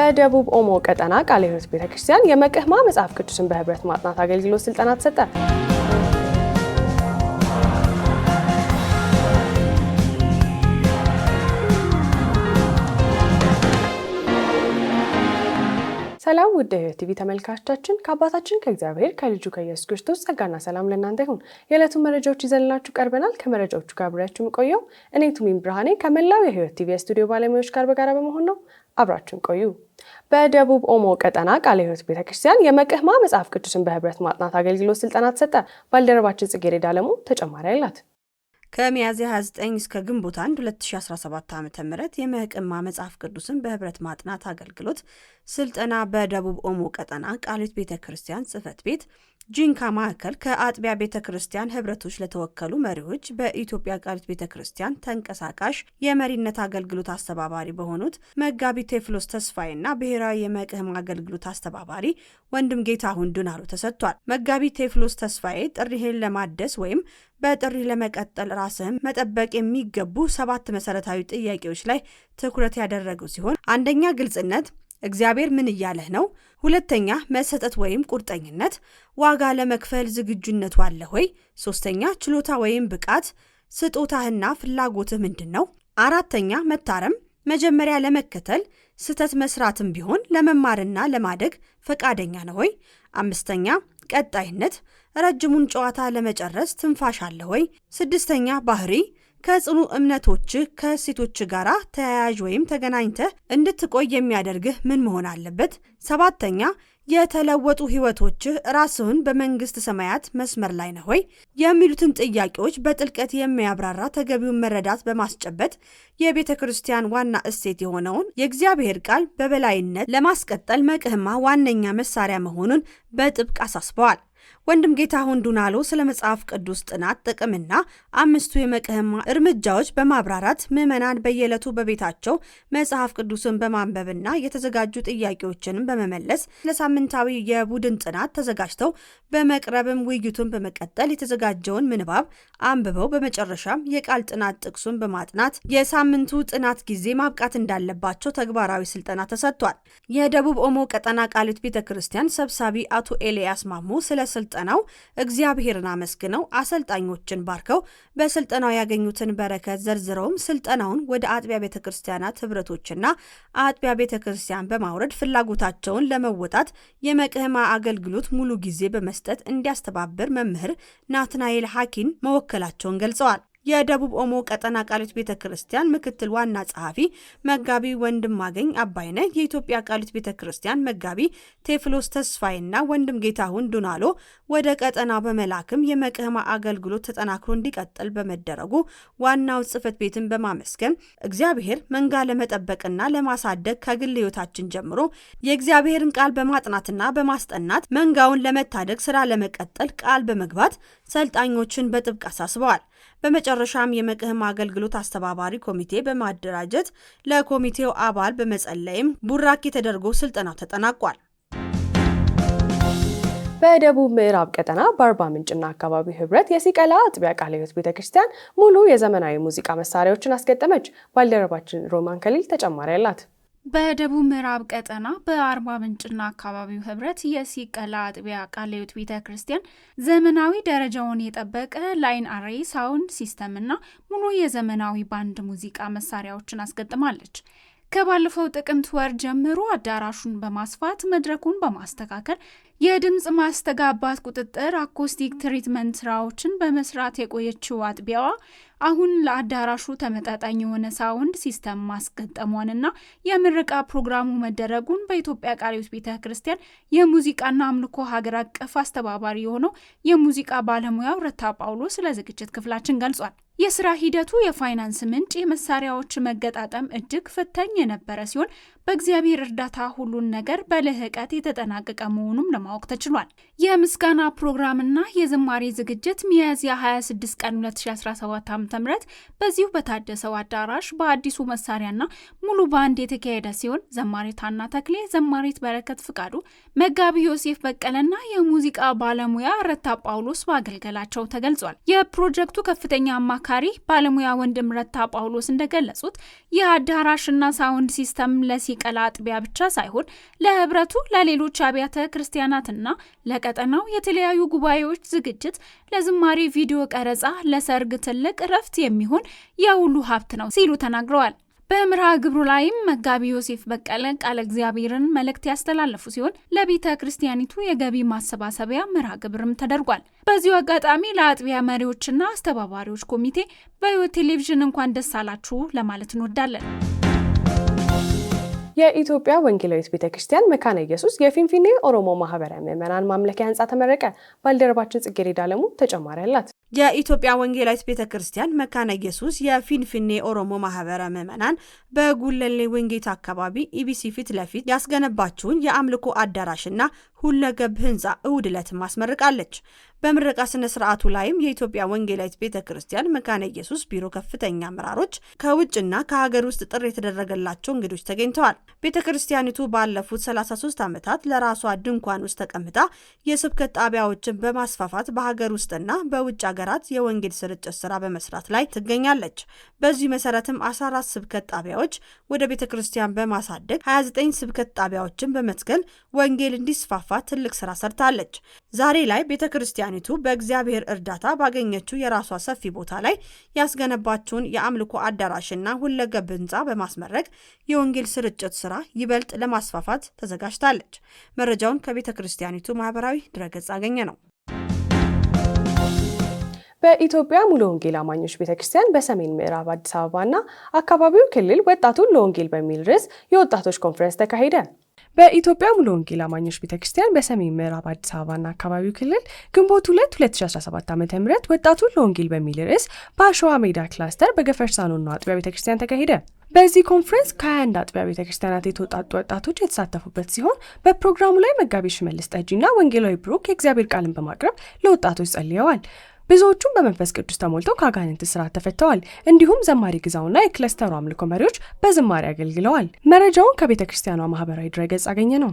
በደቡብ ኦሞ ቀጠና ቃለ ሕይወት ቤተክርስቲያን የመቅህማ መጽሐፍ ቅዱስን በህብረት ማጥናት አገልግሎት ስልጠና ተሰጠ። ውድ ቲቪ ተመልካቾቻችን ከአባታችን ከእግዚአብሔር ከልጁ ከኢየሱስ ክርስቶስ ጸጋና ሰላም ለእናንተ ይሁን። የዕለቱ መረጃዎች ይዘንላችሁ ቀርበናል። ከመረጃዎቹ ጋር አብሬያችሁ የምቆየው እኔ ቱሚን ብርሃኔ ከመላው የህይወት ቲቪ የስቱዲዮ ባለሙያዎች ጋር በጋራ በመሆን ነው። አብራችን ቆዩ። በደቡብ ኦሞ ቀጠና ቃለ ህይወት ቤተ ክርስቲያን የመቅህማ መጽሐፍ ቅዱስን በህብረት ማጥናት አገልግሎት ስልጠና ተሰጠ። ባልደረባችን ጽጌሬዳ አለሙ ተጨማሪ አላት። ከሚያዝያ 29 እስከ ግንቦት 1 2017 ዓ ም የመቅማ መጽሐፍ ቅዱስን በህብረት ማጥናት አገልግሎት ስልጠና በደቡብ ኦሞ ቀጠና ቃሊት ቤተ ክርስቲያን ጽህፈት ቤት ጂንካ ማዕከል ከአጥቢያ ቤተ ክርስቲያን ህብረቶች ለተወከሉ መሪዎች በኢትዮጵያ ቃሊት ቤተ ክርስቲያን ተንቀሳቃሽ የመሪነት አገልግሎት አስተባባሪ በሆኑት መጋቢ ቴፍሎስ ተስፋዬና ብሔራዊ የመቅህም አገልግሎት አስተባባሪ ወንድም ጌታሁን ዱናሉ ተሰጥቷል። መጋቢ ቴፍሎስ ተስፋዬ ጥሪህን ለማደስ ወይም በጥሪ ለመቀጠል ራስህን መጠበቅ የሚገቡ ሰባት መሰረታዊ ጥያቄዎች ላይ ትኩረት ያደረጉ ሲሆን አንደኛ ግልጽነት እግዚአብሔር ምን እያለህ ነው? ሁለተኛ መሰጠት ወይም ቁርጠኝነት፣ ዋጋ ለመክፈል ዝግጁነቱ አለ ወይ ሶስተኛ ችሎታ ወይም ብቃት፣ ስጦታህና ፍላጎትህ ምንድን ነው? አራተኛ መታረም፣ መጀመሪያ ለመከተል ስህተት መስራትም ቢሆን ለመማርና ለማደግ ፈቃደኛ ነው ወይ? አምስተኛ ቀጣይነት፣ ረጅሙን ጨዋታ ለመጨረስ ትንፋሽ አለ ወይ። ስድስተኛ ባህሪ ከጽኑ እምነቶችህ ከእሴቶች ጋር ተያያዥ ወይም ተገናኝተህ እንድትቆይ የሚያደርግህ ምን መሆን አለበት? ሰባተኛ የተለወጡ ህይወቶችህ ራስህን በመንግስት ሰማያት መስመር ላይ ነህ ሆይ የሚሉትን ጥያቄዎች በጥልቀት የሚያብራራ ተገቢውን መረዳት በማስጨበጥ የቤተ ክርስቲያን ዋና እሴት የሆነውን የእግዚአብሔር ቃል በበላይነት ለማስቀጠል መቅህማ ዋነኛ መሳሪያ መሆኑን በጥብቅ አሳስበዋል። ወንድም ጌታሁን ዱናሎ ስለ መጽሐፍ ቅዱስ ጥናት ጥቅምና አምስቱ የመቅህማ እርምጃዎች በማብራራት ምዕመናን በየዕለቱ በቤታቸው መጽሐፍ ቅዱስን በማንበብና የተዘጋጁ ጥያቄዎችንም በመመለስ ለሳምንታዊ የቡድን ጥናት ተዘጋጅተው በመቅረብም ውይይቱን በመቀጠል የተዘጋጀውን ምንባብ አንብበው በመጨረሻም የቃል ጥናት ጥቅሱን በማጥናት የሳምንቱ ጥናት ጊዜ ማብቃት እንዳለባቸው ተግባራዊ ስልጠና ተሰጥቷል። የደቡብ ኦሞ ቀጠና ቃሊት ቤተ ክርስቲያን ሰብሳቢ አቶ ኤልያስ ማሞ ስለ በስልጠናው እግዚአብሔርን አመስግነው አሰልጣኞችን ባርከው በስልጠናው ያገኙትን በረከት ዘርዝረውም ስልጠናውን ወደ አጥቢያ ቤተ ክርስቲያናት ህብረቶችና አጥቢያ ቤተ ክርስቲያን በማውረድ ፍላጎታቸውን ለመወጣት የመቅህማ አገልግሎት ሙሉ ጊዜ በመስጠት እንዲያስተባብር መምህር ናትናኤል ሐኪን መወከላቸውን ገልጸዋል። የደቡብ ኦሞ ቀጠና ቃሊት ቤተ ክርስቲያን ምክትል ዋና ጸሐፊ መጋቢ ወንድም ወንድማገኝ አባይነ የኢትዮጵያ ቃሊት ቤተ ክርስቲያን መጋቢ ቴፍሎስ ተስፋዬና ወንድም ጌታሁን ዱናሎ ወደ ቀጠናው በመላክም የመቅህማ አገልግሎት ተጠናክሮ እንዲቀጥል በመደረጉ ዋናው ጽፈት ቤትን በማመስገን እግዚአብሔር መንጋ ለመጠበቅና ለማሳደግ ከግል ህይወታችን ጀምሮ የእግዚአብሔርን ቃል በማጥናትና በማስጠናት መንጋውን ለመታደግ ስራ ለመቀጠል ቃል በመግባት ሰልጣኞችን በጥብቅ አሳስበዋል። በመጨረሻም የመቅህም አገልግሎት አስተባባሪ ኮሚቴ በማደራጀት ለኮሚቴው አባል በመጸለይም ቡራኬ ተደርጎ ስልጠናው ተጠናቋል። በደቡብ ምዕራብ ቀጠና በአርባ ምንጭና አካባቢው ህብረት የሲቀላ አጥቢያ ቃለ ሕይወት ቤተ ክርስቲያን ሙሉ የዘመናዊ ሙዚቃ መሳሪያዎችን አስገጠመች። ባልደረባችን ሮማን ከሊል ተጨማሪ አላት። በደቡብ ምዕራብ ቀጠና በአርባ ምንጭና አካባቢው ህብረት የሲቀላ አጥቢያ ቃሌዎት ቤተ ክርስቲያን ዘመናዊ ደረጃውን የጠበቀ ላይን አሬ ሳውንድ ሲስተምና ሙሉ የዘመናዊ ባንድ ሙዚቃ መሳሪያዎችን አስገጥማለች። ከባለፈው ጥቅምት ወር ጀምሮ አዳራሹን በማስፋት መድረኩን በማስተካከል የድምፅ ማስተጋባት ቁጥጥር አኮስቲክ ትሪትመንት ስራዎችን በመስራት የቆየችው አጥቢያዋ አሁን ለአዳራሹ ተመጣጣኝ የሆነ ሳውንድ ሲስተም ማስገጠሟንና የምረቃ ፕሮግራሙ መደረጉን በኢትዮጵያ ቃለ ሕይወት ቤተ ክርስቲያን የሙዚቃና አምልኮ ሀገር አቀፍ አስተባባሪ የሆነው የሙዚቃ ባለሙያው ረታ ጳውሎስ ለዝግጅት ክፍላችን ገልጿል። የስራ ሂደቱ የፋይናንስ ምንጭ፣ የመሳሪያዎች መገጣጠም እጅግ ፈታኝ የነበረ ሲሆን በእግዚአብሔር እርዳታ ሁሉን ነገር በልህቀት የተጠናቀቀ መሆኑም ለማ ለማወቅ ተችሏል። የምስጋና ፕሮግራምና የዝማሬ ዝግጅት ሚያዝያ 26 ቀን 2017 ዓ ም በዚሁ በታደሰው አዳራሽ በአዲሱ መሳሪያና ሙሉ ባንድ የተካሄደ ሲሆን ዘማሪት ሀና ተክሌ፣ ዘማሪት በረከት ፍቃዱ፣ መጋቢ ዮሴፍ በቀለና የሙዚቃ ባለሙያ ረታ ጳውሎስ በአገልገላቸው ተገልጿል። የፕሮጀክቱ ከፍተኛ አማካሪ ባለሙያ ወንድም ረታ ጳውሎስ እንደገለጹት የአዳራሽና ሳውንድ ሲስተም ለሲቀላ አጥቢያ ብቻ ሳይሆን ለህብረቱ ለሌሎች አብያተ ክርስቲያናት ጥናትና ለቀጠናው የተለያዩ ጉባኤዎች ዝግጅት፣ ለዝማሬ ቪዲዮ ቀረጻ፣ ለሰርግ ትልቅ እረፍት የሚሆን የሁሉ ሀብት ነው ሲሉ ተናግረዋል። በምርሃ ግብሩ ላይም መጋቢ ዮሴፍ በቀለ ቃለ እግዚአብሔርን መልእክት ያስተላለፉ ሲሆን ለቤተ ክርስቲያኒቱ የገቢ ማሰባሰቢያ ምርሃ ግብርም ተደርጓል። በዚሁ አጋጣሚ ለአጥቢያ መሪዎችና አስተባባሪዎች ኮሚቴ በሕይወት ቴሌቪዥን እንኳን ደስ አላችሁ ለማለት እንወዳለን። የኢትዮጵያ ወንጌላዊት ቤተ ክርስቲያን መካነ ኢየሱስ የፊንፊኔ ኦሮሞ ማህበረ ምዕመናን ማምለኪያ ህንፃ ተመረቀ። ባልደረባችን ጽጌሬዳ አለሙ ተጨማሪ አላት። የኢትዮጵያ ወንጌላዊት ቤተ ክርስቲያን መካነ ኢየሱስ የፊንፊኔ ኦሮሞ ማህበረ ምዕመናን በጉለሌ ወንጌት አካባቢ ኢቢሲ ፊት ለፊት ያስገነባችውን የአምልኮ አዳራሽና ሁለገብ ህንፃ እሁድ ዕለትም አስመርቃለች። በምረቃ ስነ ስርዓቱ ላይም የኢትዮጵያ ወንጌላዊት ቤተ ክርስቲያን መካነ ኢየሱስ ቢሮ ከፍተኛ አመራሮች ከውጭና ከሀገር ውስጥ ጥሪ የተደረገላቸው እንግዶች ተገኝተዋል። ቤተ ክርስቲያኒቱ ባለፉት 33 ዓመታት ለራሷ ድንኳን ውስጥ ተቀምጣ የስብከት ጣቢያዎችን በማስፋፋት በሀገር ውስጥና በውጭ ሀገራት የወንጌል ስርጭት ስራ በመስራት ላይ ትገኛለች። በዚህ መሰረትም 14 ስብከት ጣቢያዎች ወደ ቤተ ክርስቲያን በማሳደግ 29 ስብከት ጣቢያዎችን በመትከል ወንጌል እንዲስፋፋ ለማስፋት ትልቅ ስራ ሰርታለች። ዛሬ ላይ ቤተ ክርስቲያኒቱ በእግዚአብሔር እርዳታ ባገኘችው የራሷ ሰፊ ቦታ ላይ ያስገነባችውን የአምልኮ አዳራሽና ሁለገብ ህንፃ በማስመረግ የወንጌል ስርጭት ስራ ይበልጥ ለማስፋፋት ተዘጋጅታለች። መረጃውን ከቤተ ክርስቲያኒቱ ማህበራዊ ድረገጽ አገኘ ነው። በኢትዮጵያ ሙሉ ወንጌል አማኞች ቤተክርስቲያን በሰሜን ምዕራብ አዲስ አበባና አካባቢው ክልል ወጣቱን ለወንጌል በሚል ርዕስ የወጣቶች ኮንፈረንስ ተካሄደ። በኢትዮጵያ ሙሉ ወንጌል አማኞች ቤተ ክርስቲያን በሰሜን ምዕራብ አዲስ አበባና አካባቢው ክልል ግንቦት 2 2017 ዓ ም ወጣቱን ለወንጌል በሚል ርዕስ በአሸዋ ሜዳ ክላስተር በገፈርሳኖና አጥቢያ ቤተ ክርስቲያን ተካሄደ። በዚህ ኮንፈረንስ ከ21 አጥቢያ ቤተ ክርስቲያናት የተወጣጡ ወጣቶች የተሳተፉበት ሲሆን በፕሮግራሙ ላይ መጋቢ ሽመልስ ጠጂና ወንጌላዊ ብሩክ የእግዚአብሔር ቃልን በማቅረብ ለወጣቶች ጸልየዋል። ብዙዎቹም በመንፈስ ቅዱስ ተሞልተው ከአጋንንት ስርዓት ተፈተዋል። እንዲሁም ዘማሪ ግዛውና የክለስተሩ አምልኮ መሪዎች በዝማሬ አገልግለዋል። መረጃውን ከቤተ ክርስቲያኗ ማህበራዊ ድረገጽ አገኘ ነው።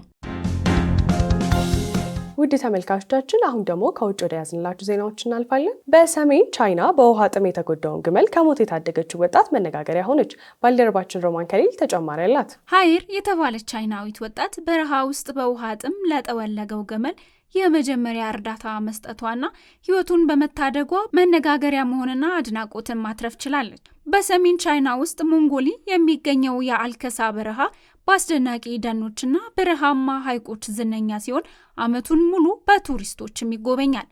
ውድ ተመልካቾቻችን አሁን ደግሞ ከውጭ ወደ ያዝንላችሁ ዜናዎች እናልፋለን። በሰሜን ቻይና በውሃ ጥም የተጎዳውን ግመል ከሞት የታደገችው ወጣት መነጋገሪያ ሆነች። ባልደረባችን ሮማን ከሌል ተጨማሪ አላት። ሀይር የተባለች ቻይናዊት ወጣት በረሃ ውስጥ በውሃ ጥም ለጠወለገው ግመል የመጀመሪያ እርዳታ መስጠቷና ሕይወቱን በመታደጓ መነጋገሪያ መሆንና አድናቆትን ማትረፍ ችላለች። በሰሜን ቻይና ውስጥ ሞንጎሊ የሚገኘው የአልከሳ በረሃ በአስደናቂ ደኖችና በረሃማ ሐይቆች ዝነኛ ሲሆን ዓመቱን ሙሉ በቱሪስቶችም ይጎበኛል።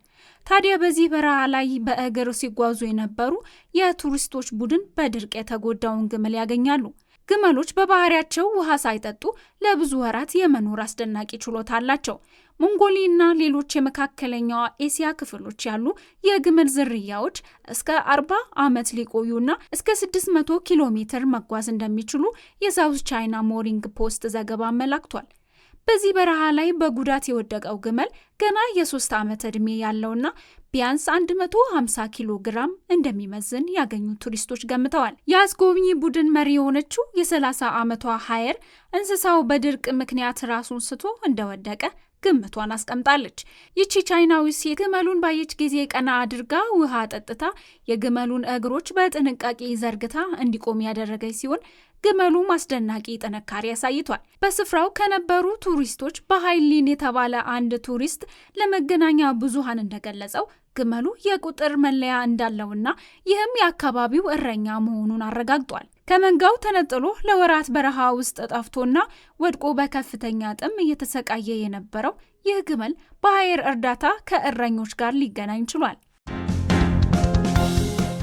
ታዲያ በዚህ በረሃ ላይ በእግር ሲጓዙ የነበሩ የቱሪስቶች ቡድን በድርቅ የተጎዳውን ግመል ያገኛሉ። ግመሎች በባህሪያቸው ውሃ ሳይጠጡ ለብዙ ወራት የመኖር አስደናቂ ችሎታ አላቸው። ሞንጎሊ እና ሌሎች የመካከለኛዋ ኤሲያ ክፍሎች ያሉ የግመል ዝርያዎች እስከ 40 ዓመት ሊቆዩና እስከ 600 ኪሎ ሜትር መጓዝ እንደሚችሉ የሳውዝ ቻይና ሞሪንግ ፖስት ዘገባ አመላክቷል። በዚህ በረሃ ላይ በጉዳት የወደቀው ግመል ገና የሶስት ዓመት ዕድሜ ያለውና ቢያንስ 150 ኪሎ ግራም እንደሚመዝን ያገኙ ቱሪስቶች ገምተዋል። የአስጎብኚ ቡድን መሪ የሆነችው የ30 ዓመቷ ሀየር እንስሳው በድርቅ ምክንያት ራሱን ስቶ እንደወደቀ ግምቷን አስቀምጣለች። ይቺ ቻይናዊ ሴት ግመሉን ባየች ጊዜ ቀና አድርጋ ውሃ ጠጥታ የግመሉን እግሮች በጥንቃቄ ዘርግታ እንዲቆም ያደረገች ሲሆን ግመሉም አስደናቂ ጥንካሬ አሳይቷል። በስፍራው ከነበሩ ቱሪስቶች በሃይሊን የተባለ አንድ ቱሪስት ለመገናኛ ብዙሃን እንደገለጸው ግመሉ የቁጥር መለያ እንዳለውና ይህም የአካባቢው እረኛ መሆኑን አረጋግጧል። ከመንጋው ተነጥሎ ለወራት በረሃ ውስጥ ጠፍቶና ወድቆ በከፍተኛ ጥም እየተሰቃየ የነበረው ይህ ግመል በአየር እርዳታ ከእረኞች ጋር ሊገናኝ ችሏል።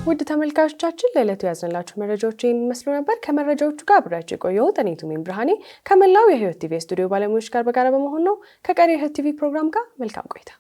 ውድ ተመልካቾቻችን ለዕለቱ ያዝንላችሁ መረጃዎች ይመስሉ ነበር። ከመረጃዎቹ ጋር አብሬያችሁ የቆየሁት እኔ ቱሜን ብርሃኔ ከመላው የህይወት ቲቪ ስቱዲዮ ባለሙያዎች ጋር በጋራ በመሆን ነው። ከቀሪ የህይወት ቲቪ ፕሮግራም ጋር መልካም ቆይታ